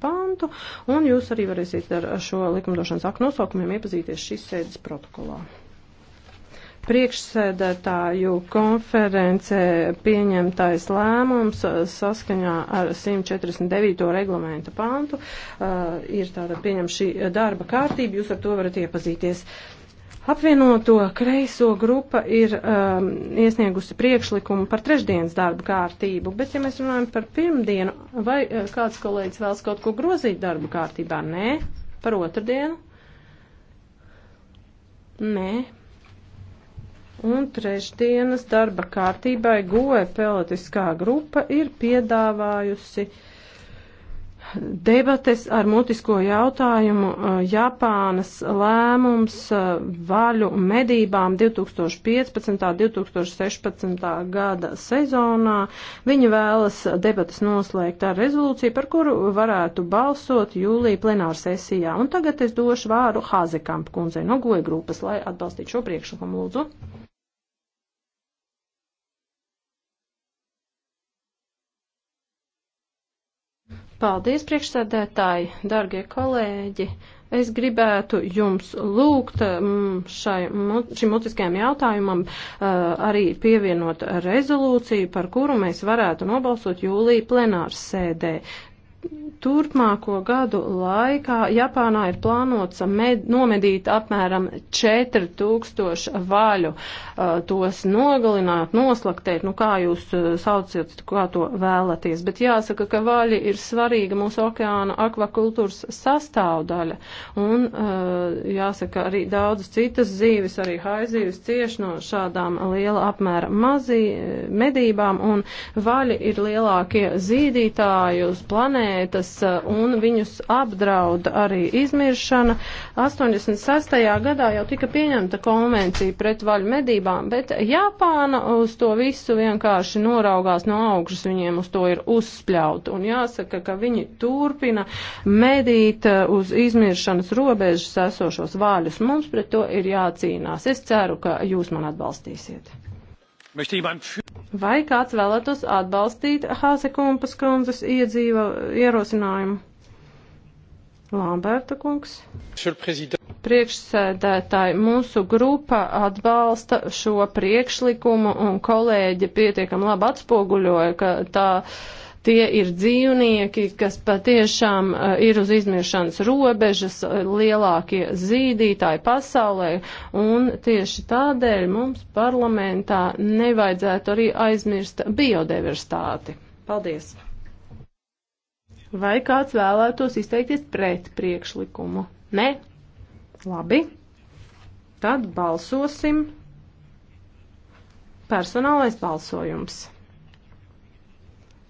pantu, un jūs arī varēsiet ar šo likumdošanas aktu nosaukumiem iepazīties šīs sēdes protokolā. Priekšsēdētāju konferencē pieņemtais lēmums uh, saskaņā ar 149. reglamenta pantu uh, ir tāda pieņem šī darba kārtība, jūs ar to varat iepazīties. Apvienoto kreiso grupa ir um, iesniegusi priekšlikumu par trešdienas darba kārtību, bet ja mēs runājam par pirmdienu, vai uh, kāds kolēģis vēlas kaut ko grozīt darba kārtībā? Nē, par otrdienu? Nē. Un trešdienas darba kārtībai goja politiskā grupa ir piedāvājusi uh, debates ar mutisko jautājumu uh, Japānas lēmums uh, vaļu medībām 2015. 2016. gada sezonā. Viņi vēlas debates noslēgt ar rezolūciju, par kuru varētu balsot jūlija plenāra sesijā. Un tagad es došu vāru Hāzekamp kundzei no goja grupas, lai atbalstītu šo priekšlikumu lūdzu. Paldies, priekšsēdētāji, dargie kolēģi. Es gribētu jums lūgt mm, šai, šim mutiskajam jautājumam uh, arī pievienot rezolūciju, par kuru mēs varētu nobalsot jūlija plenārs sēdē. Turpmāko gadu laikā Japānā ir plānots med, nomedīt apmēram 4000 vaļu, uh, tos nogalināt, noslaktēt, nu kā jūs uh, sauciet, kā to vēlaties. Bet jāsaka, ka vaļi ir svarīga mūsu okeāna akvakultūras sastāvdaļa. Un uh, jāsaka, arī daudzas citas zīves, arī haizīves cieš no šādām liela apmēra mazī medībām, un vaļi ir lielākie zīdītāji uz planētu planētas un viņus apdrauda arī izmiršana. 86. gadā jau tika pieņemta konvencija pret vaļu medībām, bet Japāna uz to visu vienkārši noraugās no augšas, viņiem uz to ir uzspļaut. Un jāsaka, ka viņi turpina medīt uz izmiršanas robežas esošos vaļus. Mums pret to ir jācīnās. Es ceru, ka jūs man atbalstīsiet. Vai kāds vēlētos atbalstīt Hāzekumpas kundzes iedzīvo ierosinājumu? Lamberta kungs. Priekšsēdētāji, mūsu grupa atbalsta šo priekšlikumu un kolēģi pietiekam labi atspoguļoja, ka tā uh, Tie ir dzīvnieki, kas patiešām uh, ir uz izmiršanas robežas, uh, lielākie zīdītāji pasaulē, un tieši tādēļ mums parlamentā nevajadzētu arī aizmirst biodiversitāti. Paldies! Vai kāds vēlētos izteikties pret priekšlikumu? Nē? Labi. Tad balsosim. Personālais balsojums.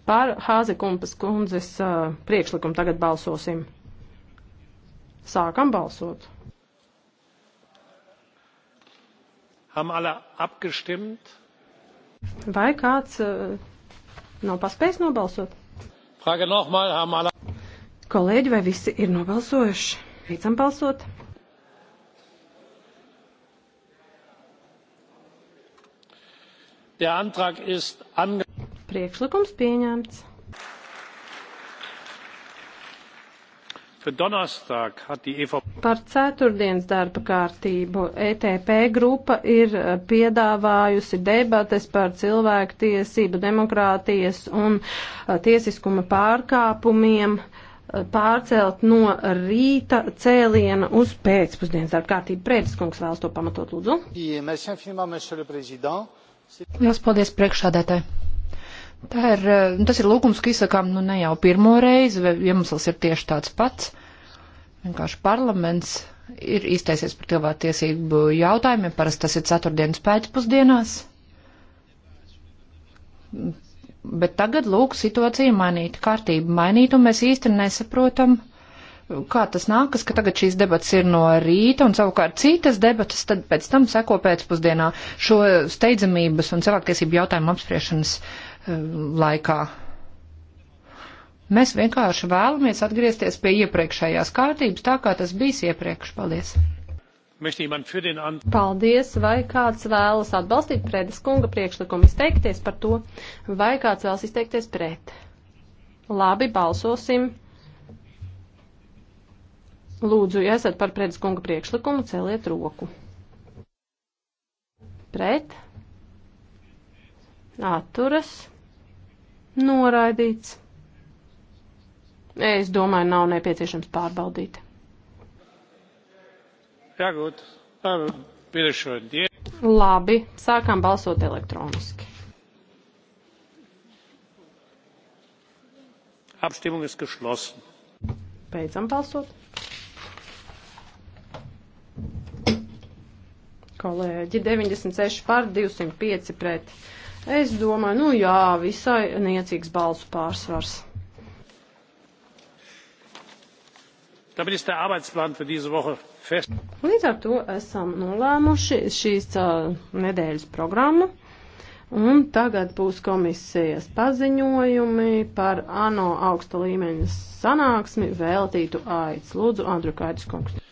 Par Hāzekumpas kundzes uh, priekšlikumu tagad balsosim. Sākam balsot. Haben alle abgestimmt? Vai kāds uh, nav paspējis nobalsot? Frage nochmal, haben alle. Kolēģi, vai visi ir nobalsojuši? Beidzam balsot. Der Antrag ist angenommen. Priekšlikums pieņemts. E par ceturtdienas darba kārtību ETP grupa ir eh, piedāvājusi debates par cilvēku tiesību, demokrātijas un eh, tiesiskuma pārkāpumiem eh, pārcelt no rīta cēliena uz pēcpusdienas darba kārtību. Prēdiskungs vēlas to pamatot, lūdzu. Lielas paldies priekšādētāji. Tā ir, eh, tas ir lūgums, ka izsakām nu ne jau pirmo reizi, vai iemesls ir tieši tāds pats. Vienkārši parlaments ir izteicies par cilvēku tiesību jautājumiem, parasti tas ir ceturtdienas pēcpusdienās. Bet tagad, lūk, situācija mainīta, kārtība mainīta, un mēs īsti nesaprotam, uh, kā tas nākas, ka tagad šīs debatas ir no rīta un savukārt citas debatas, tad pēc tam seko pēcpusdienā šo steidzamības un cilvēktiesību jautājumu apspriešanas eh, laikā. Mēs vienkārši vēlamies atgriezties pie iepriekšējās kārtības, tā kā tas bijis iepriekš. Paldies! Paldies, vai kāds vēlas atbalstīt predes kunga priekšlikumu izteikties par to, vai kāds vēlas izteikties pret? Labi, balsosim! Lūdzu, ja esat par predes kunga priekšlikumu, celiet roku. Pret. Atturas. Noraidīts. Es domāju, nav nepieciešams pārbaudīt. Jāgūt. Labi, sākām balsot elektroniski. Abstimmung ist geschlossen. Beidzam balsot. kolēģi, 96 par 205 pret. Es domāju, nu jā, visai niecīgs balsu pārsvars. Līdz ar to esam nolēmuši šīs uh, nedēļas programmu. Un tagad būs komisijas paziņojumi par ANO augsta līmeņa sanāksmi veltītu aids. Lūdzu, Andriu Kaitis kungs.